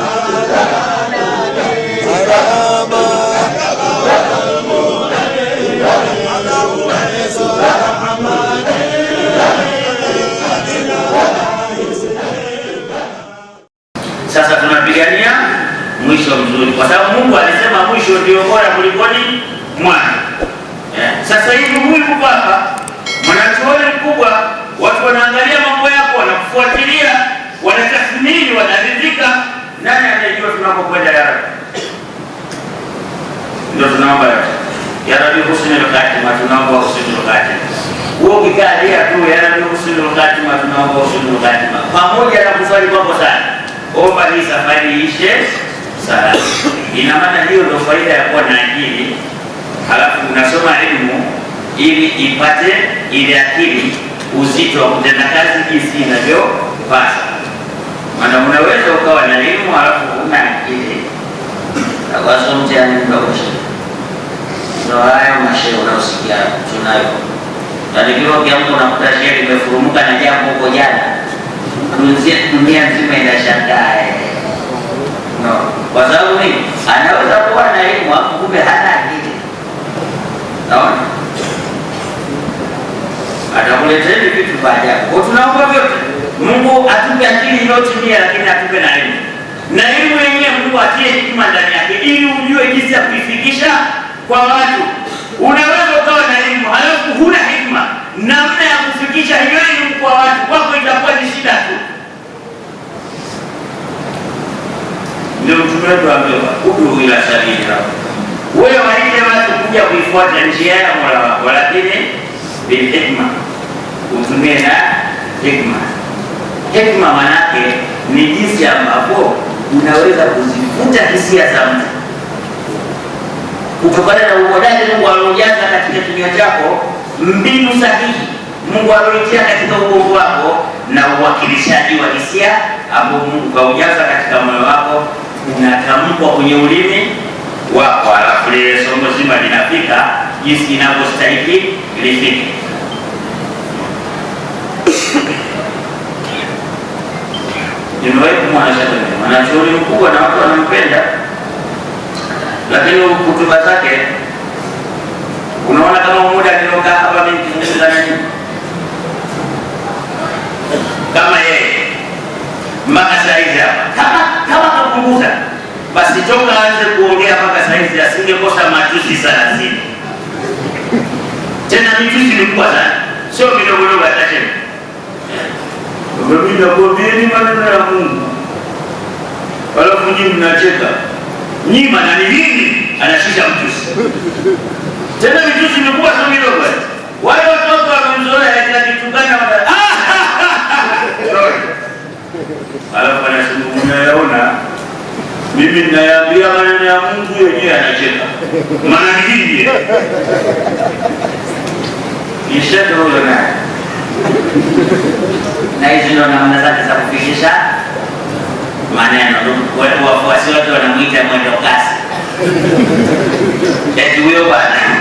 Obrigado. kusalia tu yana yaani husnul pamoja na kusali kwako sana. Omba hii safari ishe salama. Ina maana hiyo ndio faida ya kuwa na akili, halafu unasoma elimu ili ipate ile akili uzito wa kutenda kazi jinsi inavyopasa. Maana unaweza ukawa na elimu halafu una akili awasomtiani mdogosha ndo haya mashe unaosikia tunayo kia yangu unakuta shehe imefurumuka na jambo huko jana, dunia nzima inashangaa no. Kwa sababu ni Anaweza kuwa na elimu hapo, kumbe hana akili. Naona atakuletea vitu vya ajabu. Kwa tunaomba vyote Mungu atupe akili iliyotimia, lakini atupe na elimu na elimu yenyewe Mungu atie hekima ndani yake, ili ujue jinsi ya kuifikisha kwa watu. Unaweza ukawa na elimu halafu huna namna ya kufikisha hiyo elimu kwa watu, kwako itakuwa ni shida tu. Ndio mtume wetu amesema ila sabili wewe waite watu kuja kuifuata njia ya Mola wako, lakini hikma, utumie na hikma. Hikma manake ni jinsi ambapo unaweza kuzifuta hisia za mtu kutokana na uhodari aliojaza katika kinywa chako mbinu sahihi Mungu alioitia katika uongo wako na uwakilishaji wa hisia ambao Mungu kaujaza katika moyo wako, unatamkwa kwenye ulimi wako, alafu lile somo zima linafika jinsi inavyostahili lifike. Nimewahi mkubwa na watu wanampenda, lakini hutuba zake Unaona kama muda niliokaa hapa mimi nikizungumza nini? Kama yeye mpaka saizi hapa, kama kama kapunguza basi, toka aanze kuongea mpaka saizi asingekosa matusi thelathini. Tena mitusi mikubwa sana, sio midogodogo dogo. Hata tena maneno ya Mungu, alafu nyinyi mnacheka nyima na hili anashisha mtusi tena vijusi vimekuwa sio vidogo. Wale watoto wamemzoea ila kitungana Alafu anazungumza yaona. Mimi ninayaambia maneno ya Mungu yenyewe anacheka. Maana nini? Ishaka huyo naye. Na hizi ndio namna zake za kufikisha maneno. Wafuasi wake wanamuita mwendo kasi. Eti yaani huyo bwana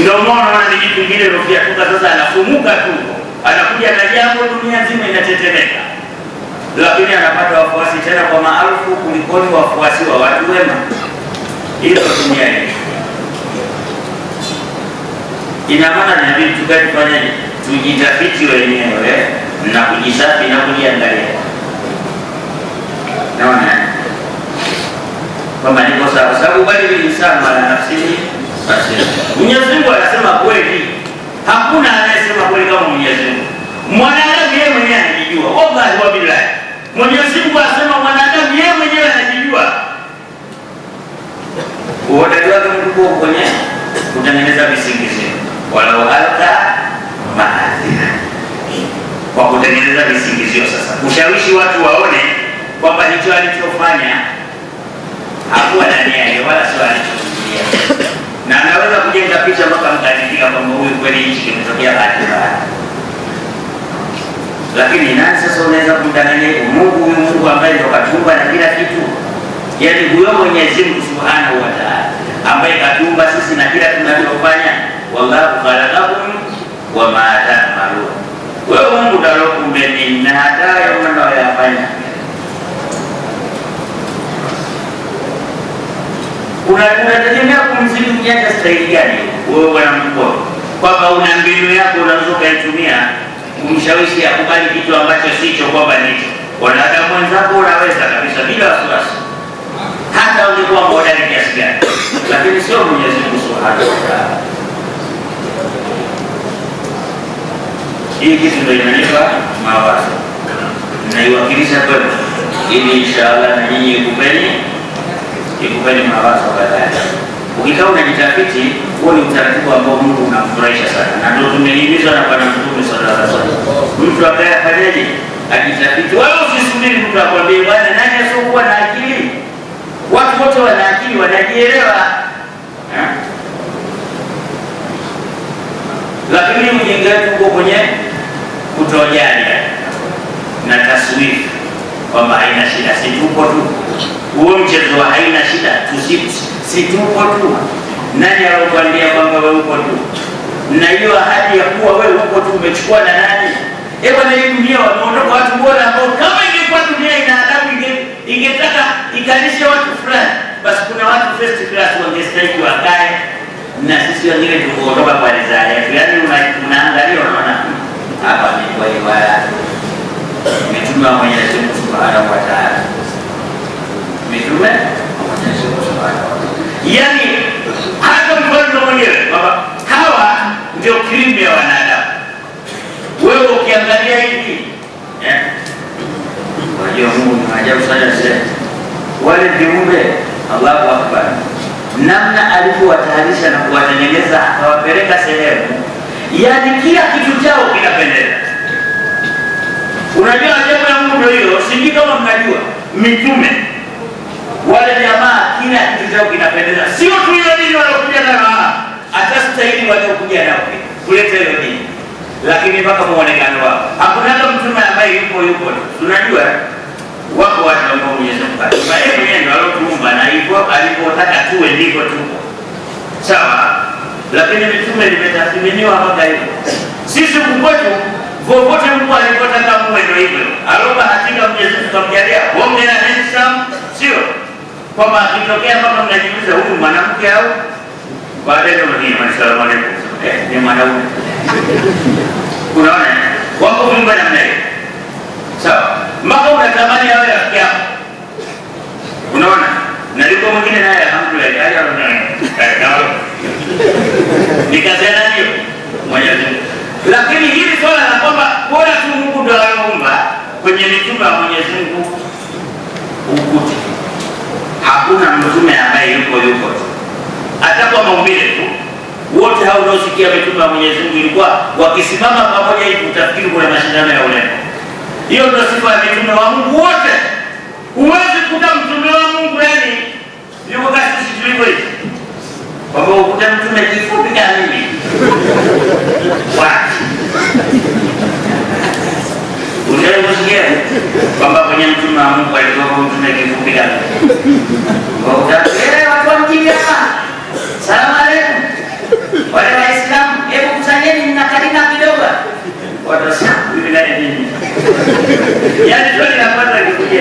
Ndio maana na kitu kingine ndio kuta sasa anafumuka tu. Anakuja na jambo dunia nzima inatetemeka. Lakini anapata wafuasi tena kwa maarufu kuliko wafuasi wa watu wema. Hilo dunia hii. Ina maana ni vitu gani fanya tujitafiti wenyewe na kujisafi na kujiangalia. Naona kwamba niko sawa sababu bali insani nafsi nafsihi Mwenyezi Mungu anasema kweli, hakuna anayesema kweli kama Mwenyezi Mungu. Mwanadamu yeye mwenyewe anajijua, wallahi wa billahi. Mwenyezi Mungu anasema mwanadamu yeye mwenyewe anajijua. Uhodari wake mkubwa kwenye kutengeneza visingizio, wala alqa maadhira, kwa kutengeneza visingizio, sasa kushawishi watu waone kwamba hicho alichofanya hakuwa na nia wala sio alichokusudia na anaweza kujenga picha mpaka mkaridhika kwamba huyu kweli hichi kimetokea bahati mbaya. Lakini nani sasa unaweza kumdanganya Mungu huyu Mungu ambaye ndio katumba na kila kitu, yaani huyo Mwenyezi Mungu Subhanahu wa Ta'ala ambaye katumba sisi na kila tunachofanya, wallahu khalaqakum wa ma ta'malun. Wewe Mungu ndio kumbeni na hata unayoyafanya unategemea ukiacha staili gani wewe bwana mkubwa, kwamba una mbinu yako unaweza ukaitumia kumshawishi akubali kitu ambacho sicho, kwamba nicho wanadamu wenzako unaweza kabisa bila wasiwasi, hata ungekuwa hodari kiasi gani, lakini sio Mwenyezi Mungu Subhanahu wa Ta'ala. Hii kitu ndio inanipa mawazo, naiwakilisha kwenu ili inshallah na nyinyi ikupeni ikupeni mawazo baadaye. Ukikaa unajitafiti, huo ni utaratibu ambao Mungu unamfurahisha sana, na ndio tumehimizwa na Bwana Mtume sallallahu alaihi wasallam, mtu akaye afanyaje? Ajitafiti. Wala usisubiri mtu akwambie bwana, nani asiokuwa na akili? Watu wote wana akili, wanajielewa. Lakini ujinga uko kwenye kutojali na taswifu kwamba haina shida, si tuko tu huo mchezo haina shida, si tuko tu. Nani alokuambia kwamba wewe uko tu? Na hiyo ahadi ya kuwa wewe uko tu umechukua na nani? Hebu na hii Dunia wameondoka watu bora ambao, kama ingekuwa dunia ina adabu, ingetaka ikalishe watu fulani, basi kuna watu first class wangestahili wakae, na sisi wengine tukuondoka kwa rizaa yetu. Yani unaangalia unaona hapa ni kwa hiyo ibada, umetumiwa Mwenyezi Mungu subhanahu wa taala mitume Mwenyezi Mungu subhanahu Yaani hata mfano mwenyewe baba, hawa ndio krimu ya wanadamu. Wewe ukiangalia hivi eh, unajua Mungu ni ajabu sana sasa. Wale viumbe Allahu akbar, namna alivyowatayarisha na kuwatengeneza akawapeleka sehemu, yaani kila kitu chao kinapendeza. Unajua ajabu ya Mungu ndio hiyo, sijui kama mnajua mitume wale jamaa, kila kitu chao kinapendeza, sio tu hiyo dini waliokuja nayo, hata staili waliokuja nayo kuleta hiyo dini, lakini mpaka muonekano wao. Hakuna hata mtume ambaye yuko yuko, tunajua wako wanaomba Mwenyezi Mungu baadaye mwenyewe ndio alotuumba, na hivyo alipotaka tuwe ndiko tuko sawa, lakini mitume limetathminiwa mpaka hivyo. Sisi kukwetu vovote Mungu alipotaka muwe ndio hivyo, alomba hakika Mwenyezi Mungu kamjalia wongea kwamba ikitokea kwamba mnajiuliza huyu mwanamke au baadaye salamu alaykum, eh, ni mwanaume. Unaona wako vyumba na hiyo, sawa, mpaka unatamani yao ya kia unaona. Na yuko mwingine naye alhamdulillah, haya eh, nikasema hiyo Mwenyezi Mungu, lakini hili swala la kwamba bora tu Mungu ndio aliumba kwenye mitumba ya Mwenyezi Mungu ukuti hakuna mtume ambaye yuko yuko, hata kwa maumbile tu. Wote hao unaosikia mitume ya Mwenyezi Mungu ilikuwa wakisimama pamoja hivi utafikiri kuna mashindano ya ulema. Hiyo ndio sifa ya mitume wa Mungu wote. Huwezi kuta mtume wa Mungu yani yuko kasi tulivyo hivi, kwamba ukuta mtume kifupi kamili kwamba kwenye mtume wa Mungu ya, mtume kifupi gani? Watu wa ya, hapa, salamu aleikum. Wale Waislamu, hebu kusanyeni, mna karina kidogo. Watasema hivi Ya, Ya Yaani swali la kwanza likuja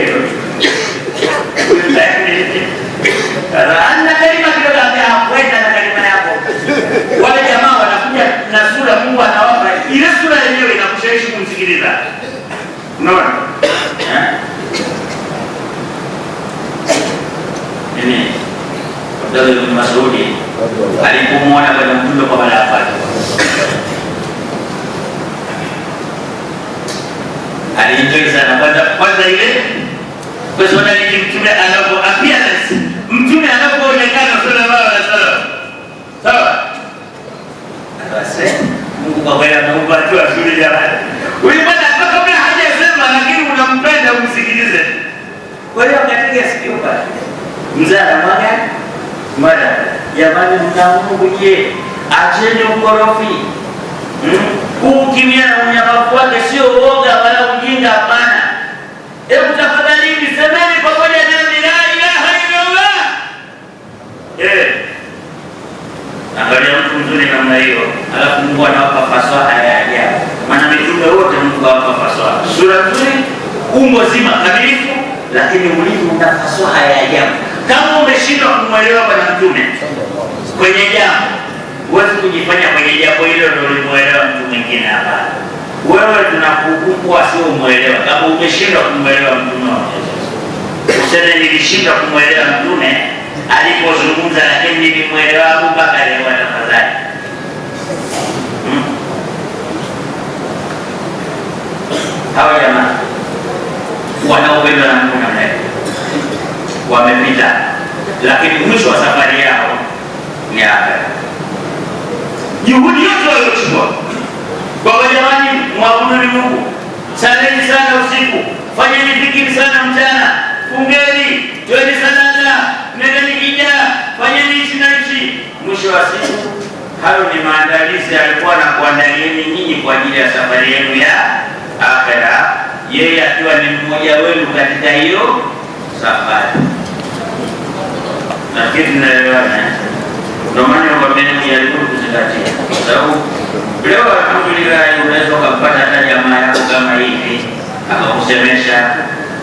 alipomwona Bwana Mtume kwa mara ya kwanza alienjoy sana. Kwanza kwanza ile kwa sababu mtume anapo appearance, mtume anapoonekana sala wa sala, sawa akasema Mungu kwa kweli ameumba tu asuri jamani, ulipata bwana hata kama hajasema, lakini unampenda umsikilize. Kwa hiyo akatikia sikio pale, mzee anamwaga mwana Jamani, mnamunguye acheni ukorofi. Huu hmm? ukimya na unyamavu wake sio uoga wala ujinga, hapana. Hebu tafadhalini semeni pamoja nami la ilaha illallah. Angalia mtu mzuri namna hiyo, alafu Mungu anawapa fasaha ya ajabu. Maana mitume wote Mungu awapa fasaha, sura nzuri, umbo zima kamilifu, lakini ulivu una fasaha ya ajabu. Kama umeshindwa kumwelewa Bwana Mtume kwenye jambo, huwezi kujifanya kwenye jambo hilo ndio ulimwelewa mtu mwingine. Hapana, wewe tunakuhukumu sio umwelewa. Kama umeshindwa kumwelewa Mtume wa Yesu, useme nilishindwa kumwelewa Mtume alipozungumza, lakini nilimwelewa Abubakari. Tafadhali hmm? hawa jamaa wanaopendwa na mtume wamepita, lakini mwisho wa safari yao ni aga. Juhudi yote waliochukua kwamba jamani, mwabuduni Mungu, saleni sana usiku, fanyeni dhikiri sana mchana, fungeni, toeni sadaka, nendeni hija, fanyeni ichi na nchi Mwisho wa siku hayo ni maandalizi alikuwa na kuandalieni nyinyi kwa ajili ya safari yenu ya akhera, yeye akiwa ni mmoja wenu katika hiyo safari lakini tunaelewana. Ndio maana nakwambia tujaribu kuzingatia, kwa sababu leo alhamdulillah, unaweza ukampata hata jamaa yako kama hivi akakusemesha,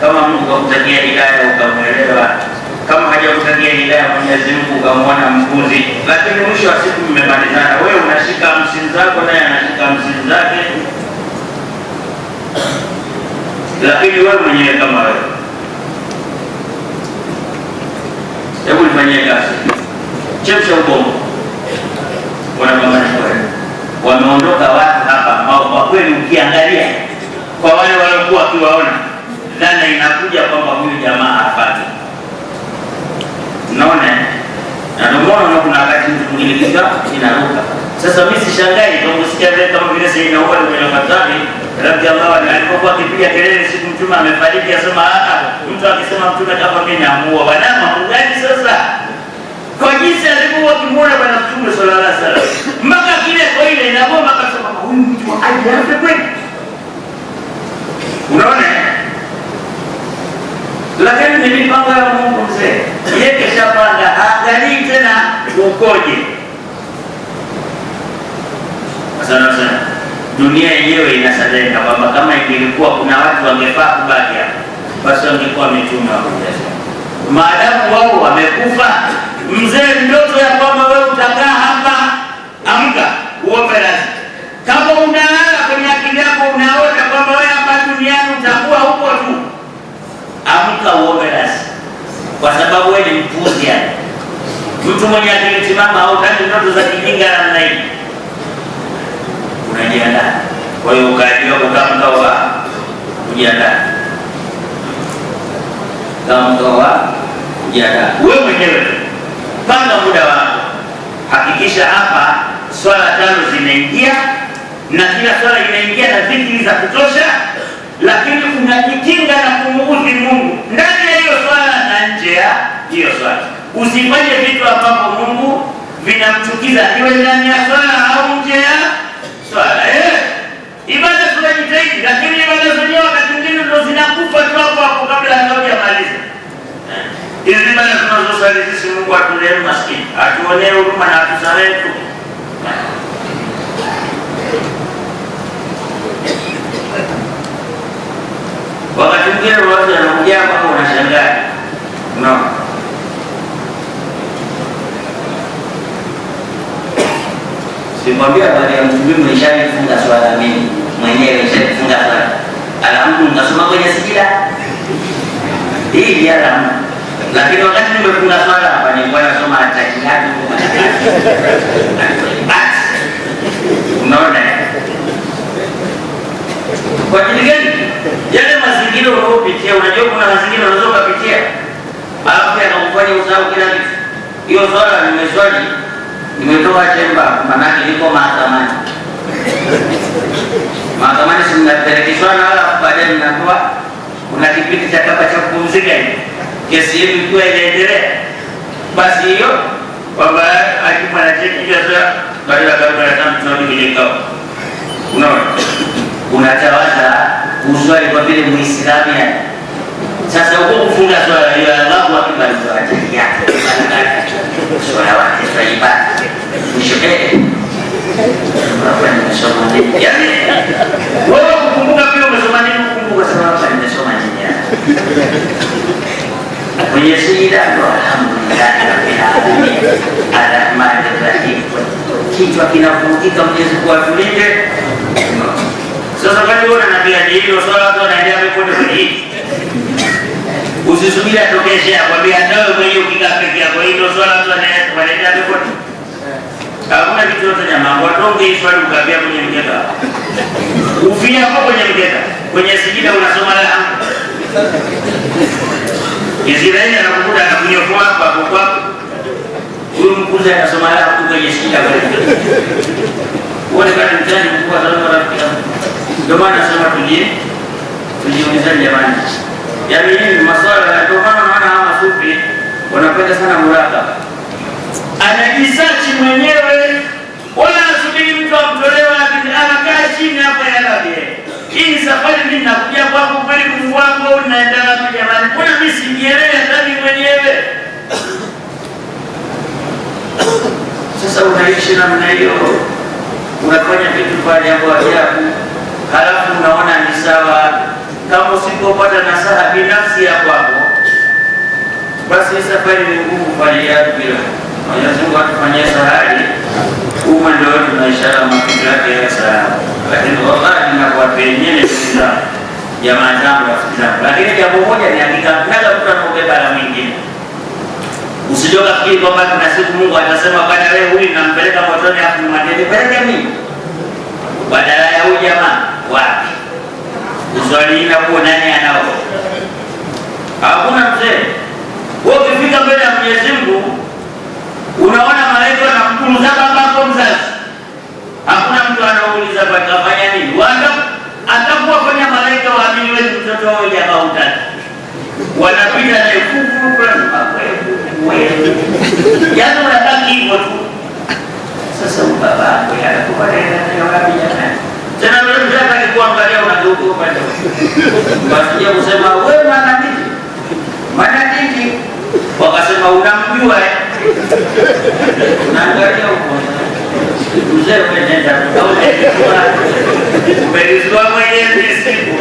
kama Mungu kakutakia hidaya ukamwelewa, kama hajakutakia hidaya Mwenyezi Mungu ukamwona mbuzi, lakini mwisho wa siku mmemalizana, wewe unashika hamsini zako naye anashika hamsini zake, lakini wewe mwenyewe kama wewe mfanyie kazi, chemsha ubongo. Wanapambana kweli, wameondoka watu hapa ambao kwa kweli ukiangalia kwa wale waliokuwa wakiwaona, dhana inakuja kwamba huyu jamaa hapati naona nadomona. Kuna wakati mtu mwingine inaruka. Sasa mimi sishangai kama vile sasa inaomba ndio matani radhiallahu anhu alipokuwa akipiga kelele siku mtume amefariki, asema ah, ah. mtu akisema mtume kafa Kenya amuua bwana, mambo gani sasa? Kwa jinsi alivyokuwa kimuona bwana mtume sallallahu alaihi wasallam, mpaka kile kwa ile inagoma, akasema huyu mtu aliafe kweli. Unaona, lakini ni mipango ya Mungu mzee, yeye keshapanga, haangalii tena ukoje. Asante sana dunia yenyewe inasadeka kwamba kama ingelikuwa kuna watu wangefaa kubaki hapa, basi wangekuwa wametuma huko. Maadamu wao wamekufa, mzee, ndoto ya kwamba wewe utakaa hapa, amka uombe radhi. Kama unalala kwenye akili yako unaota kwamba wewe hapa duniani utakuwa huko tu, amka uombe radhi, kwa sababu wewe ni mpuzi. Mtu mwenye akili timamu tani ndoto za kijinga namna hii unajiandaa. Kwa hiyo ukaajiriwa kukaa mkao wa kujiandaa, kaa mkao wa kujiandaa. mwenyewe panga muda wako, hakikisha hapa swala tano zinaingia na kila swala inaingia na dhikri za kutosha, lakini unajikinga na kumuudhi Mungu ndani ya hiyo swala na nje ya hiyo swala. Usifanye vitu ambapo Mungu vinamchukiza, iwe ndani ya swala au nje ya Sawa eh? Ibada tunajitahidi lakini ibada zenyewe wakati mwingine ndio zinakufa tu hapo hapo kabla hajamaliza. Eh? Ile ibada tunazosali sisi Mungu atulee maskini, atuonee huruma na atusamehe tu. Ah, wakati mwingine wazee Nimekwambia habari ya mtumishi nishajifunga swala mimi mwenyewe nishajifunga swala. Alamu nikasoma kwenye sijida. Hii ni alamu. Lakini wakati nimefunga swala hapa ni kwa nasoma ataki hadi kwa But unaona eh? kwa ajili gani? Yale mazingira unayopitia, unajua kuna mazingira unaweza kupitia. Alafu yanakufanya usahau kila kitu. Hiyo swala nimeswali nimetoa chemba, manake niko mahakamani. Mahakamani si mnapelekishwana, wala baadaye mnatoa, kuna kipindi cha kapa cha kupumzika, kesi yenu ikiwa inaendelea. Basi hiyo kwamba kao, unaona, unatawaza kuswali kwa vile muislamu yani. Sasa huko kufunga swala hiyo, Allahu akbar, swala yake swala wake swala ibada Alhamdulillah, walhamdulillahi rabbil alamin, Kichwa kinavurugika, Mwenyezi Mungu atulinde. Sasa kaliona nabiajihilo swala watu wanaendea mekone kwenye hili, usisubiri atokeshe akwambia ndio mwenye ukikaa yako, hilo swala watu wanaendea mekone. Hakuna kitu yote nyama, watonge hii swali ukaambia kwenye mkeka, ufia kwa kwenye mkeka, kwenye sijida unasoma la Israeli anakukuta anakunyofu hapa hapo kwako. Huyu mkuzi anasoma yako tu kwenye shida pale. Wale kati mtani mkuu sana na rafiki yangu. Ndio maana nasema tulie. Tujiulizane jamani. Yaani hii ni masuala ya ndio maana maana hawa sufi wanapenda sana muraka. Anajisachi mwenyewe wala asubiri mtu amtolewa anakaa chini hapa yalabi. Hii ni safari mimi nakuja kwako kweli, Mungu wangu, au ninaenda wapi jamani? Kuna mimi sijielewi ndani mwenyewe. Sasa unaishi namna hiyo, unafanya vitu kwa jambo la ajabu, halafu unaona ni sawa. Kama usipopata nasaha binafsi ya kwako, basi safari ni ngumu kwa ajili yako. Bila Mwenyezi Mungu atufanyie sahari umma ndio tunaishara mafikra yake ya salama, lakini wallahi ninakuwapenyele za jamaa zangu rafiki zangu, lakini jambo moja ni hakika, kila mtu anabeba la mwingine. Usijokafikiri kwamba kuna siku Mungu atasema bwana wewe huyu nampeleka motoni afu matende peleke mimi badala ya huyu jamaa wapi? Uzaliina kuo nani anao? Hakuna mzee. Wewe ukifika mbele ya Mwenyezi Mungu unaona malaika kazi. Hakuna mtu anauliza watafanya nini, wanda fanya malaika waamini wetu mtoto wao jamaa utatu wanapita yaani, unabaki hivyo tu. Sasa baba akuangalia unageuka upande wasije kusema wewe mwanadini mwanadini, wakasema unamjua eh, unaangalia huko Mzee wewe siku.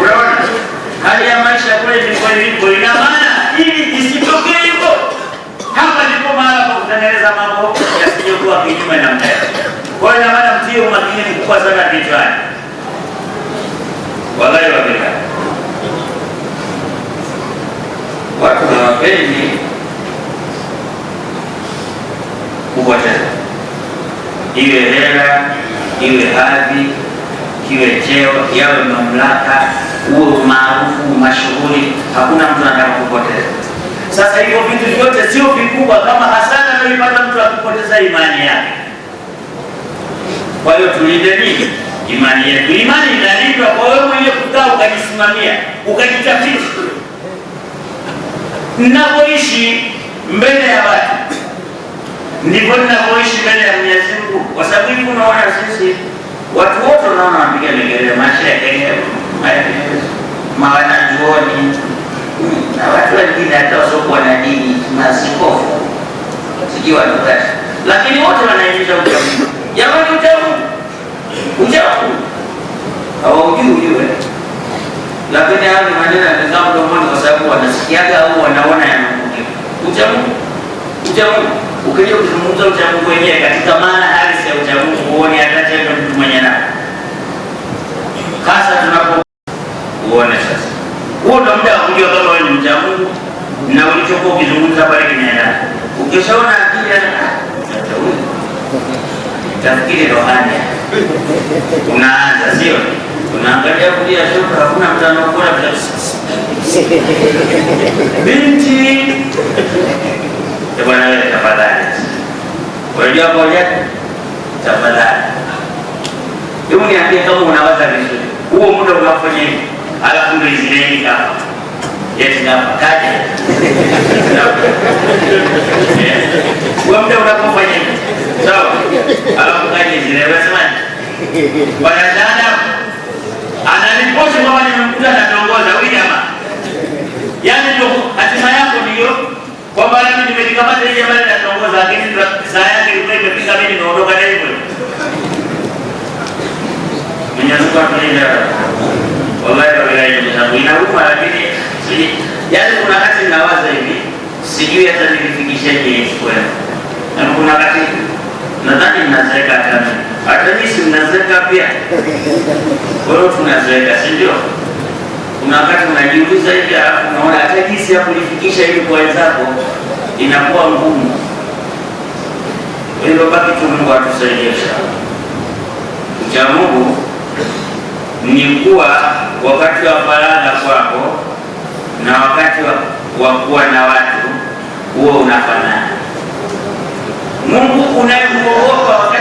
Unaona hali ya maisha kule ndipo ilipo, ina maana ili isitokee hivyo. Hapa ndipo mahala pa kutengeneza mambo yasiyokuwa kinyume na Kwa hiyo ina maana mtie umakini mkubwa sana kichwani, wabila watu iwe hela, iwe hadhi, kiwe cheo, yawe mamlaka, uwe maarufu mashughuli, hakuna mtu anataka kupoteza. Sasa hivyo vitu vyote sio vikubwa kama hasara anayoipata mtu akipoteza imani yake. Kwa hiyo tulinde nini? Imani yetu. Imani inalindwa kwa wewe mwenyewe kukaa ukajisimamia, ukajitafiti, mnapoishi mbele ya watu ndivyo ninavyoishi mbele ya Mwenyezi Mungu, kwa sababu hivi unaona, sisi watu wote unaona wanapiga legelele, mashehe, wanazuoni hmm, na watu wengine hata wasiokuwa na dini, maaskofu, sijui wanukazi, lakini wote wanaimiza ucha Mungu. Jamani, ucha Mungu, ucha Mungu hawaujui ujue, lakini hayo ni maneno yamezaa mdomoni, kwa sababu wanasikiaga au wanaona yanakuja ucha Mungu, ucha ukija kuzungumza uchamungu wenyewe katika maana halisi ya uchamungu huone hata chembe mtu mwenye nao hasa tunapo uone sasa, huo ndo muda wa kujua kama wewe ni mchamungu na ulichokuwa ukizungumza pale kinaendana. Ukishaona akili ah, tafikiri rohani, unaanza sio unaangalia kulia shuka, hakuna mtano kuna binti bwana, wewe tafadhali Unajua moja, tafadhali hebu niambie kama unaweza vizuri huo muda unafanya nini? alafu ndio Israeli hapa yetinapataje huo muda unapofanya nini? sawa, alafu kaje kaja Israeli unasemaje? Mwanadamu anaripoti kwamba nimekuta anatongoza huyu jamaa, yaani ndio hatima yako, ndio kwamba nami nimejikamata hii jamaa lakini saa yake ilikuwa imefika, mimi nimeondoka naye. Mwenyezi Mungu atulinda, wallahi wallahi, mwanangu inauma, lakini yaani, kuna wakati nawaza hivi, sijui hata nilifikishaje kwenu, yaani na kuna wakati nadhani mnazeeka kama hata nisi mnazeeka pia, kwa hiyo tunazeeka, si ndio? Kuna wakati unajiuliza hivi, alafu unaona hata jinsi ya kulifikisha ili kwa wenzako inakuwa ngumu lilobaki tu Mungu atusaidie sana. Ucha Mungu ni kuwa wakati wa faragha kwako na wakati wa kuwa na watu huo unafanana. Mungu unayemwogopa